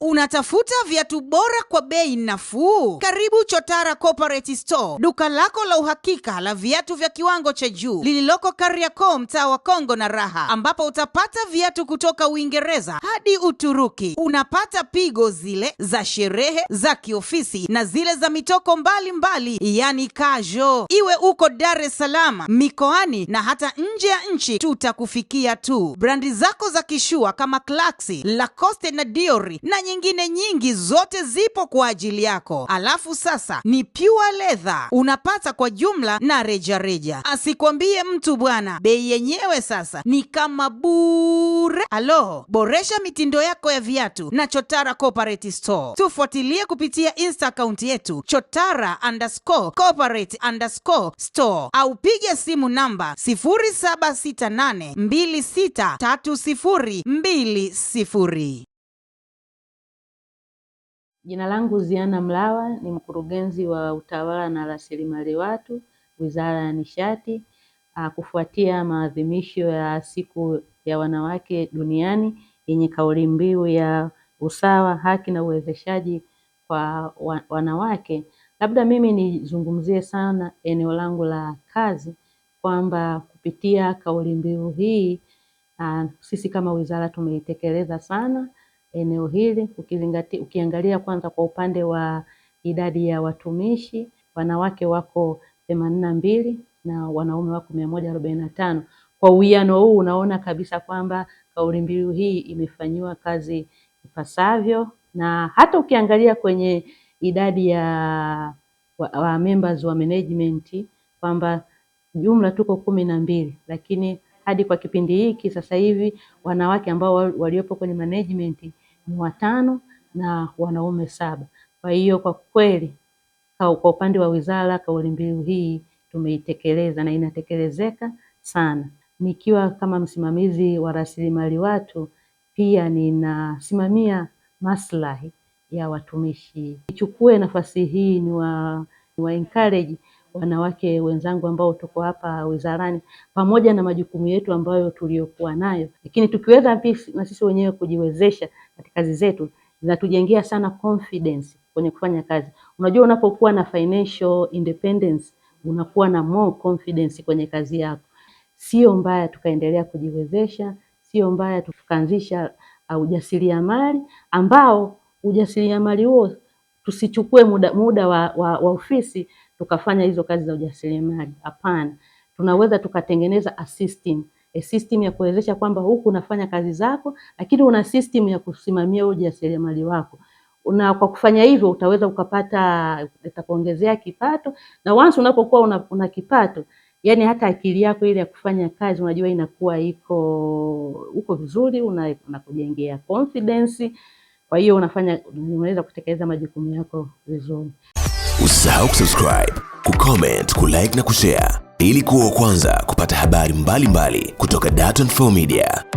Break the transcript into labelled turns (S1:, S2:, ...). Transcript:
S1: Unatafuta viatu bora kwa bei nafuu? Karibu Chotara Corporate Store, duka lako la uhakika la viatu vya kiwango cha juu lililoko Kariakoo, mtaa wa Kongo na Raha, ambapo utapata viatu kutoka Uingereza hadi Uturuki. Unapata pigo zile za sherehe, za kiofisi na zile za mitoko mbalimbali mbali, yani kajo. Iwe uko Dar es Salaam, mikoani na hata nje ya nchi, tutakufikia tu. Brandi zako za kishua kama Clarks, Lacoste na Diori na nyingine nyingi zote zipo kwa ajili yako. Alafu sasa ni pure leather unapata kwa jumla na rejareja, asikwambie mtu bwana. Bei yenyewe sasa ni kama bure. Alo, boresha mitindo yako ya viatu na Chotara Corporate Store. Tufuatilie kupitia insta akaunti yetu Chotara underscore corporate underscore store au piga simu namba 0768263020.
S2: Jina langu Ziana Mlawa ni mkurugenzi wa utawala na rasilimali watu, Wizara ya Nishati, ah, kufuatia maadhimisho ya siku ya wanawake duniani yenye kauli mbiu ya usawa, haki na uwezeshaji kwa wanawake, labda mimi nizungumzie sana eneo langu la kazi kwamba kupitia kauli mbiu hii ah, sisi kama wizara tumeitekeleza sana eneo hili ukiangalia kwanza kwa upande wa idadi ya watumishi wanawake wako themanini na mbili na wanaume wako mia moja arobaini na tano. Kwa uwiano huu unaona kabisa kwamba kauli mbiu hii imefanyiwa kazi ipasavyo, na hata ukiangalia kwenye idadi ya wa, wa members wa management kwamba jumla tuko kumi na mbili lakini hadi kwa kipindi hiki sasa hivi wanawake ambao waliopo kwenye management ni watano na wanaume saba. Kwa hiyo kwa kweli, kwa upande wa wizara, kauli mbiu hii tumeitekeleza na inatekelezeka sana. Nikiwa kama msimamizi wa rasilimali watu, pia ninasimamia maslahi ya watumishi. Nichukue nafasi hii ni wa, ni wa encourage wanawake wenzangu ambao tuko hapa wizarani, pamoja na majukumu yetu ambayo tuliyokuwa nayo, lakini tukiweza na sisi wenyewe kujiwezesha katika kazi zetu, zinatujengea sana confidence kwenye kufanya kazi. Unajua, unapokuwa na financial independence unakuwa na more confidence kwenye kazi yako. Sio mbaya tukaendelea kujiwezesha, sio mbaya tukaanzisha uh, ujasiriamali ambao ujasiriamali huo tusichukue muda, muda wa, wa, wa ofisi tukafanya hizo kazi za ujasiriamali. Hapana, tunaweza tukatengeneza a system a system ya kuwezesha kwamba huku unafanya kazi zako, lakini una system ya kusimamia ujasiriamali wako na kwa kufanya hivyo utaweza ukapata, utakuongezea kipato na once unapokuwa una, una kipato yani hata akili yako ile ya kufanya kazi unajua inakuwa iko uko vizuri, unakujengea una confidence. Kwa hiyo unafanya unaweza kutekeleza majukumu yako vizuri. Usisahau kusubscribe, kucomment, kulike na kushare ili kuwa wa kwanza kupata habari mbalimbali mbali kutoka Dar24 Media.